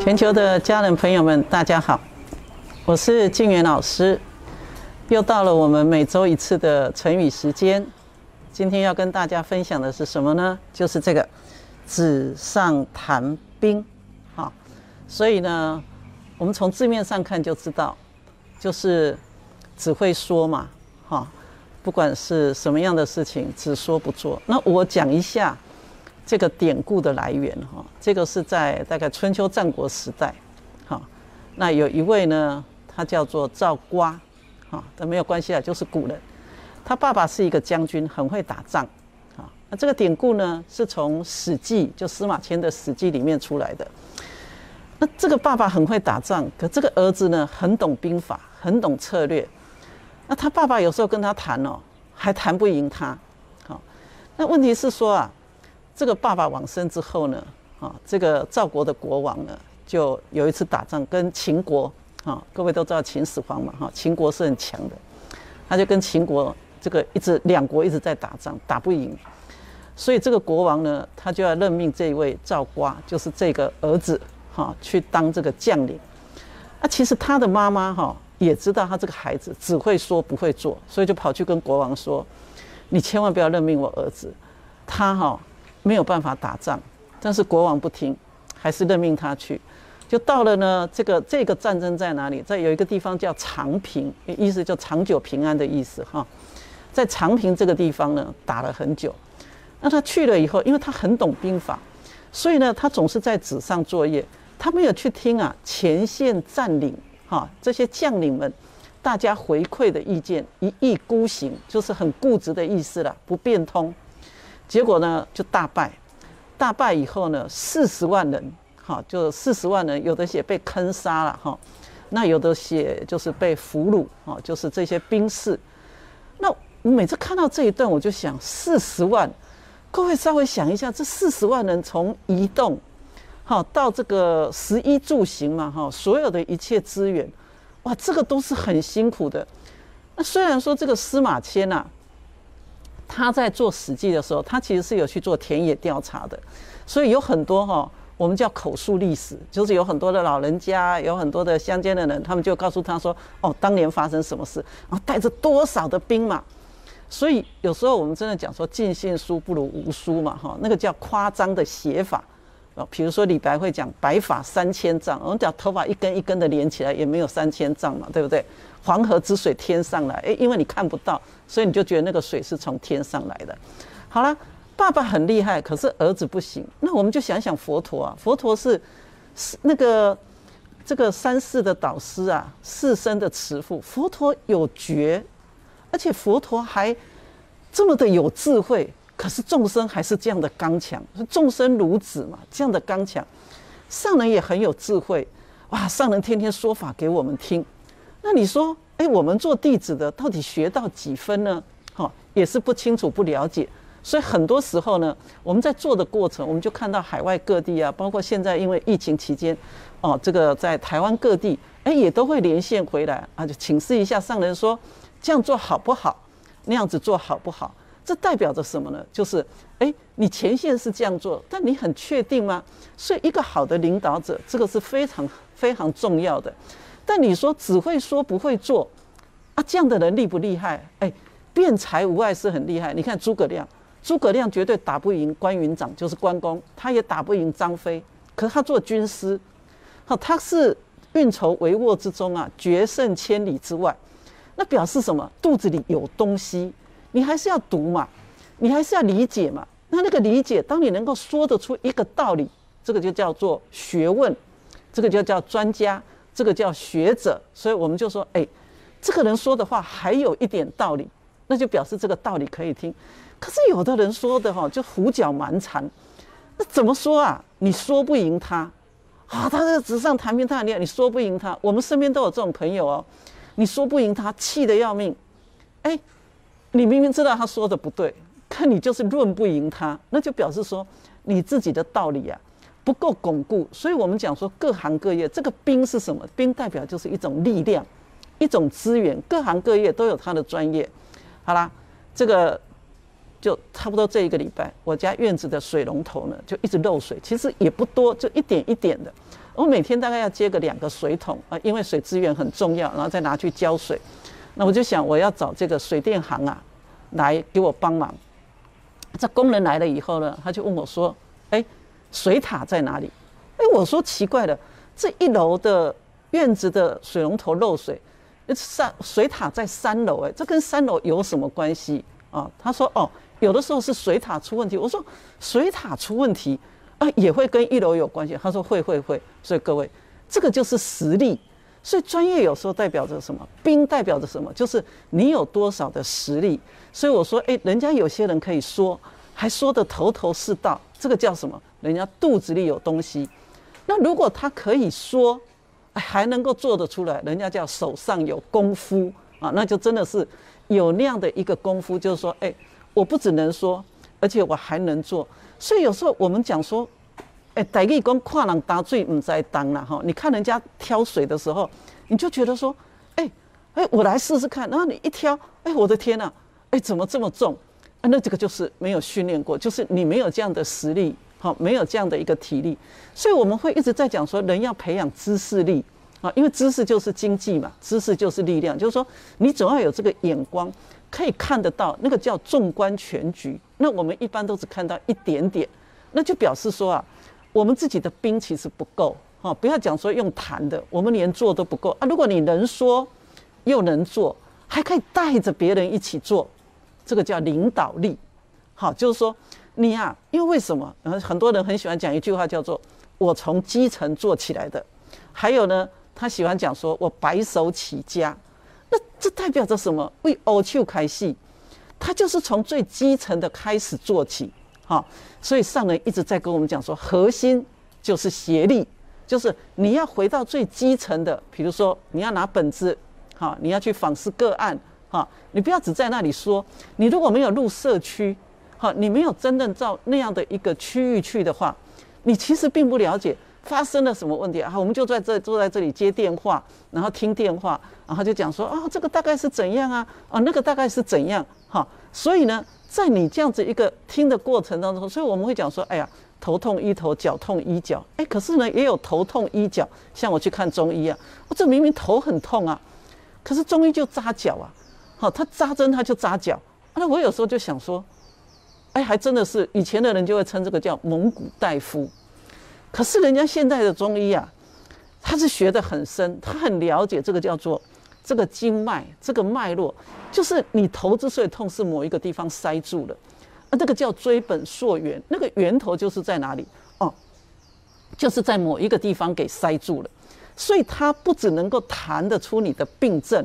全球的家人朋友們，大家好，我是靜原老師，又到了我們每週一次的成語時間。今天要跟大家分享的是什麼呢？就是這個“紙上談兵”哈、哦，所以呢，我們從字面上看就知道，就是只會說嘛，哈、哦，不管是什麼樣的事情，只說不做。那我講一下。這個典故的來源哈，這個是在大概春秋戰國時代，哈，那有一位呢，他叫做趙括。哈，但沒有關係啊，就是古人，他爸爸是一個將軍，很會打仗，哈，那這個典故呢，是從《史記》，就司馬遷的《史記》裡面出來的。那這個爸爸很會打仗，可這個兒子呢，很懂兵法，很懂策略。那他爸爸有時候跟他談哦，還談不贏他，那問題是說啊。這個爸爸往生之後呢，啊，這個趙國的國王呢，就有一次打仗跟秦國，啊，各位都知道秦始皇嘛，哈、啊，秦國是很強的，他就跟秦國這個一直兩國一直在打仗，打不贏，所以這個國王呢，他就要任命這一位趙括，就是這個兒子，哈、啊，去當這個將領，啊，其實他的媽媽哈、啊、也知道他這個孩子只會說不會做，所以就跑去跟國王說，你千萬不要任命我兒子，他哈、啊。沒有辦法打仗，但是國王不聽，還是任命他去。就到了呢，這個這個戰爭在哪裡？在有一個地方叫長平，意思就長久平安的意思哈。在長平這個地方呢，打了很久。那他去了以後，因為他很懂兵法，所以呢，他總是在紙上作業，他沒有去聽啊，前線占領，哈，這些將領們，大家回饋的意見，一意孤行就是很固執的意思啦，不變通。結果呢，就大敗，大敗以後呢，四十萬人，好，就四十萬人，有的也被坑殺了哈，那有的也就是被俘虜哈，就是這些兵士。那我每次看到這一段，我就想，四十萬，各位稍微想一下，這四十萬人從移動，好，到這個食衣住行嘛，哈，所有的一切資源，哇，這個都是很辛苦的。那雖然說這個司馬遷吶、啊。他在做史記的時候，他其實是有去做田野調查的，所以有很多哈、哦，我們叫口述歷史，就是有很多的老人家，有很多的鄉間的人，他們就告訴他說，哦，當年發生什麼事，然後帶着多少的兵馬，所以有時候我們真的講說，盡信書不如無書嘛，哈，那個叫誇張的寫法。比如說李白會講白髮三千丈，我們講頭髮一根一根的連起來也沒有三千丈嘛，對不對？黃河之水天上來，欸，因為你看不到，所以你就覺得那個水是從天上來的。好了，爸爸很厲害，可是兒子不行。那我們就想想佛陀啊，佛陀是是那個這個三世的導師啊，四生的慈父。佛陀有覺，而且佛陀還這麼的有智慧。可是眾生還是這樣的剛強，眾生如子嘛，這樣的剛強，上人也很有智慧，哇，上人天天說法給我們聽，那你說，哎、欸，我們做弟子的到底學到幾分呢？哈、哦，也是不清楚不了解，所以很多時候呢，我們在做的過程，我們就看到海外各地啊，包括現在因為疫情期間，哦，這個在台灣各地，哎、欸，也都會連線回來，啊，就請示一下上人說，這樣做好不好？那樣子做好不好？這代表着什麼呢？就是，哎，你前線是這樣做，但你很確定嗎？所以一個好的領導者，這個是非常非常重要的。但你說只會說不會做，啊，這樣的人厲不厲害？哎，辯才無礙是很厲害。你看諸葛亮，諸葛亮絕對打不贏關雲長，就是關公，他也打不贏張飛。可他做軍師，好、哦，他是運籌帷幄之中啊，決勝千里之外。那表示什麼？肚子裡有東西。你還是要讀嘛，你還是要理解嘛。那那個理解，當你能夠說得出一個道理，這個就叫做學問，這個就叫專家，這個叫學者。所以我們就說，哎、欸，這個人說的話還有一點道理，那就表示這個道理可以聽。可是有的人說的哈、哦，就胡攪蠻纏，那怎麼說啊？你說不贏他啊、哦，他在紙上談兵，他你你說不贏他。我們身邊都有這種朋友哦，你說不贏他，氣得要命，哎、欸。你明明知道他說的不對，但你就是論不贏他，那就表示說你自己的道理呀、啊、不夠鞏固。所以我們講說各行各業，這個兵是什麼？兵代表就是一種力量，一種資源。各行各業都有它的專業。好啦，這個就差不多這一個禮拜，我家院子的水龍頭呢就一直漏水，其實也不多，就一點一點的。我每天大概要接個兩個水桶啊，因為水資源很重要，然後再拿去澆水。那我就想，我要找這個水電行啊，來給我幫忙。這工人來了以後呢，他就問我說：“哎、欸，水塔在哪裡？”哎、欸，我說奇怪了，這一樓的院子的水龍頭漏水，三水塔在三樓，哎，這跟三樓有什麼關係啊？他說：“哦，有的時候是水塔出問題。”我說：“水塔出問題啊，也會跟一樓有關係。”他說：“會會會。會”所以各位，這個就是實力。所以專業有時候代表着什麼？兵代表着什麼？就是你有多少的實力。所以我說，哎、欸，人家有些人可以說，還說得頭頭是道，這個叫什麼？人家肚子裡有東西。那如果他可以說，還能夠做得出來，人家叫手上有功夫啊，那就真的是有那樣的一個功夫，就是說，哎、欸，我不只能說，而且我還能做。所以有時候我們講說。哎，等於講跨人打最唔在當啦、啊、哈、哦，你看人家挑水的時候，你就覺得說，哎、欸，哎、欸，我來試試看。然後你一挑，哎、欸，我的天啊，哎、欸，怎麼這麼重？啊，那這個就是沒有訓練過，就是你沒有這樣的實力，好、哦，沒有這樣的一個體力。所以我們會一直在講說，人要培養知識力啊、哦，因為知識就是經濟嘛，知識就是力量，就是說你總要有這個眼光，可以看得到那個叫縱觀全局。那我們一般都只看到一點點，那就表示說啊。我們自己的兵其實不夠哈、哦，不要講說用談的，我們連做都不夠啊。如果你能說，又能做，還可以帶着別人一起做，這個叫領導力。好、哦，就是說你呀、啊，因為，為什麼、呃？很多人很喜歡講一句話叫做“我從基層做起來的”，還有呢，他喜歡講說我白手起家。那這代表着什麼？為黑手開始，他就是從最基層的開始做起。好、啊，所以上人一直在跟我們講說，核心就是協力，就是你要回到最基層的，比如說你要拿本子，好、啊，你要去訪視個案，哈、啊，你不要只在那裡說，你如果沒有入社區，好、啊，你沒有真正到那樣的一個區域去的話，你其實並不了解發生了什麼問題啊。我們就在這坐在這裡接電話，然後聽電話，然後就講說啊，這個大概是怎樣啊，啊，那個大概是怎樣，哈、啊。所以呢，在你這樣子一個聽的過程當中，所以我們會講說，哎呀，頭痛醫頭，腳痛醫腳。哎，可是呢，也有頭痛醫腳，像我去看中醫啊，我、哦、這明明頭很痛啊，可是中醫就扎腳啊。好、哦，他扎針他就扎腳。那我有時候就想說，哎，還真的是，以前的人就會稱這個叫蒙古大夫。可是人家現在的中醫啊，他是學得很深，他很了解這個叫做。這個經脈，這個脈絡，就是你頭之所以痛是某一個地方塞住了，啊，這個叫追本溯源，那個源頭就是在哪裡？哦，就是在某一個地方給塞住了，所以它不只能夠談得出你的病症，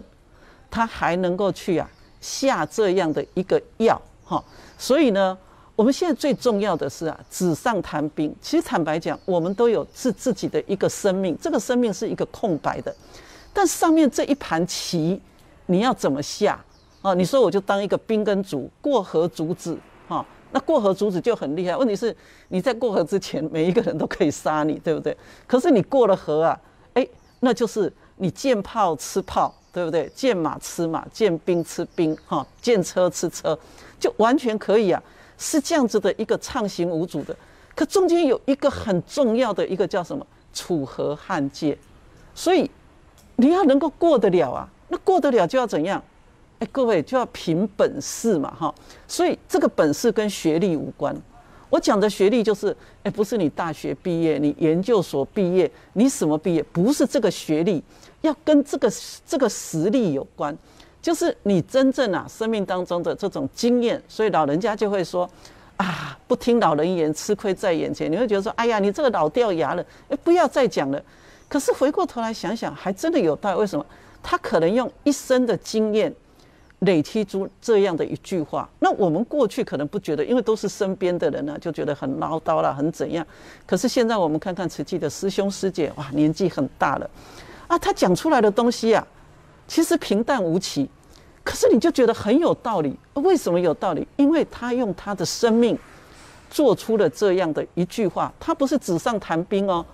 它還能夠去啊下這樣的一個藥哈、哦，所以呢，我們現在最重要的是啊紙上談兵，其實坦白講，我們都有是自己的一個生命，這個生命是一個空白的。但上面這一盤棋，你要怎麼下？啊？你說我就當一個兵跟卒過河卒子哈，那過河卒子就很厲害。問題是你在過河之前，每一個人都可以殺你，對不對？可是你過了河啊，哎、欸，那就是你見炮吃炮，對不對？見馬吃馬，見兵吃兵，哈、啊，見車吃車，就完全可以啊，是這樣子的一個暢行無阻的。可中間有一個很重要的一個叫什麼楚河漢界，所以。你要能夠過得了啊，那過得了就要怎樣？哎、欸，各位就要憑本事嘛，哈。所以這個本事跟學歷無關。我講的學歷就是，哎、欸，不是你大學畢業，你研究所畢業，你什麼畢業？不是這個學歷，要跟這個這個實力有關，就是你真正啊生命當中的這種經驗。所以老人家就會說，啊，不聽老人言，吃虧在眼前。你會覺得說，哎呀，你這個老掉牙了，哎、欸，不要再講了。可是回過頭來想想，還真的有道理。為什麼？他可能用一生的經驗，累積出這樣的一句話。那我們過去可能不覺得，因為都是身邊的人呢、啊，就覺得很嘮叨啦、很怎樣。可是現在我們看看慈濟的師兄師姐，哇，年紀很大了，啊，他講出來的東西呀、啊，其實平淡無奇，可是你就覺得很有道理。為什麼有道理？因為他用他的生命，做出了這樣的一句話，他不是紙上談兵哦。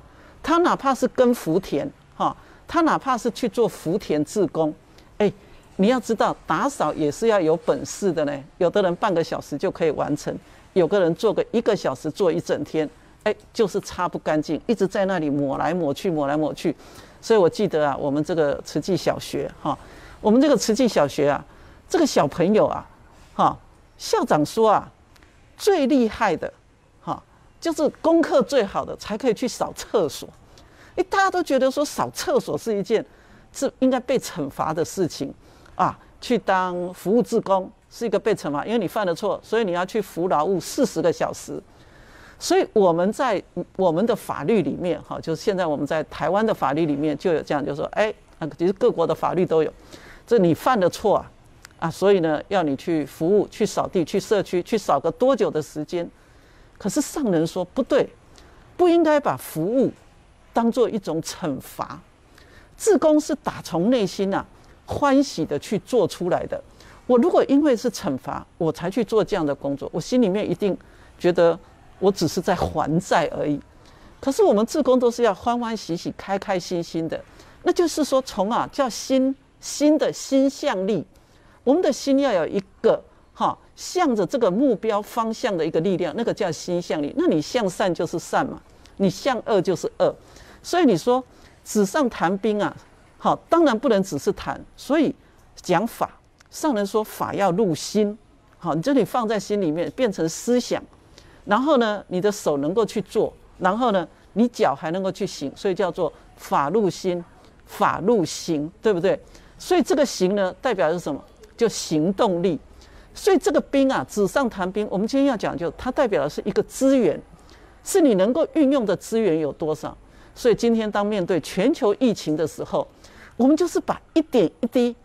他哪怕是跟福田，哈，他哪怕是去做福田志工，哎，你要知道打掃也是要有本事的呢，有的人半個小時就可以完成，有個人做個一個小時，做一整天，哎，就是擦不乾淨，一直在那裡抹來抹去，抹來抹去。所以我記得啊，我們這個慈濟小學，哈，我們這個慈濟小學啊，這個小朋友啊，哈，校長說啊，最厲害的。就是功課最好的才可以去掃廁所，哎，大家都覺得說掃廁所是一件是應該被懲罰的事情啊，去當服務志工是一個被懲罰，因為你犯了錯，所以你要去服勞務四十個小時。所以我們在我們的法律裡面，哈、啊，就是現在我們在台灣的法律裡面就有這樣，就是、說，哎，那其實各國的法律都有，這你犯了錯啊，啊，所以呢要你去服務，去掃地，去社區，去掃個多久的時間？可是上人說不對，不應該把服務當做一種懲罰。志工是打從內心吶、啊、歡喜的去做出來的。我如果因為是懲罰我才去做這樣的工作，我心裡面一定覺得我只是在還債而已。可是我們志工都是要歡歡喜喜、開開心心的，那就是說從啊叫心心的心向力，我們的心要有一個。向着這個目標方向的一個力量，那個叫心向力。那你向善就是善嘛，你向惡就是惡。所以你說紙上談兵啊，好，當然不能只是談。所以講法，上人說法要入心，好，就你這裡放在心裡面變成思想，然後呢，你的手能夠去做，然後呢，你腳還能夠去行，所以叫做法入心，法入行，對不對？所以這個行呢，代表是什麼？就行動力。所以這個兵啊，紙上談兵。我們今天要講究，它代表的是一個資源，是你能夠運用的資源有多少。所以今天當面對全球疫情的時候，我們就是把一點一滴，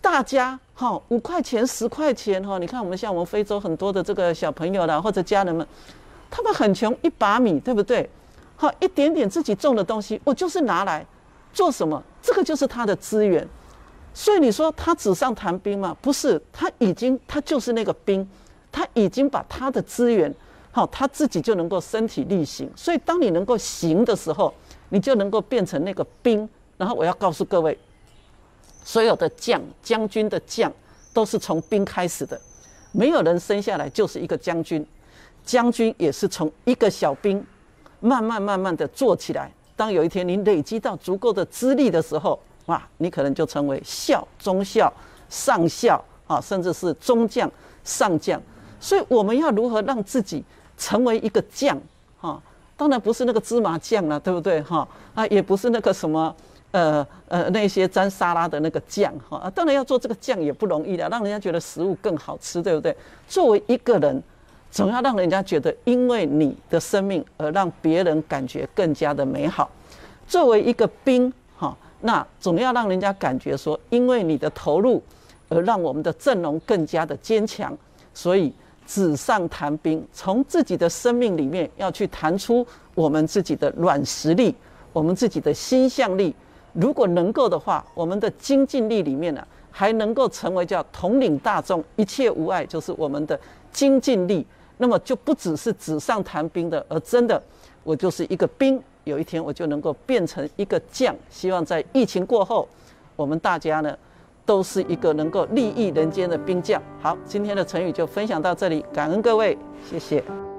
大家哈五塊錢、十塊錢哈，你看我們像我們非洲很多的這個小朋友啦，或者家人們，他們很窮，一把米對不對？哈，一點點自己種的東西，我就是拿來做什麼？這個就是他的資源。所以你說他紙上談兵嗎？不是，他已經他就是那個兵，他已經把他的資源，好、哦，他自己就能夠身體力行。所以當你能夠行的時候，你就能夠變成那個兵。然後我要告訴各位，所有的將將軍的將都是從兵開始的，沒有人生下來就是一個將軍，將軍也是從一個小兵，慢慢慢慢的做起來。當有一天你累積到足夠的資歷的時候。哇，你可能就成為校中校、上校啊，甚至是中將、上將。所以我們要如何讓自己成為一個將？哈，當然不是那個芝麻醬了，對不對？哈啊，也不是那個什麼呃呃那些沾沙拉的那個醬哈，當然要做這個醬也不容易的，讓人家覺得食物更好吃，對不對？作為一個人，總要讓人家覺得因為你的生命而讓別人感覺更加的美好。作為一個兵。那總要讓人家感覺說，因為你的投入，而讓我們的陣容更加的堅強。所以紙上談兵，從自己的生命裡面要去談出我們自己的軟實力，我們自己的心向力。如果能夠的話，我們的精進力裡面呢，啊，還能夠成為叫統領大眾，一切無礙，就是我們的精進力。那麼就不只是紙上談兵的，而真的我就是一個兵。有一天我就能夠變成一個將，希望在疫情過後，我們大家呢都是一個能夠利益人間的兵將。好，今天的成語就分享到這裡，感恩各位，謝謝。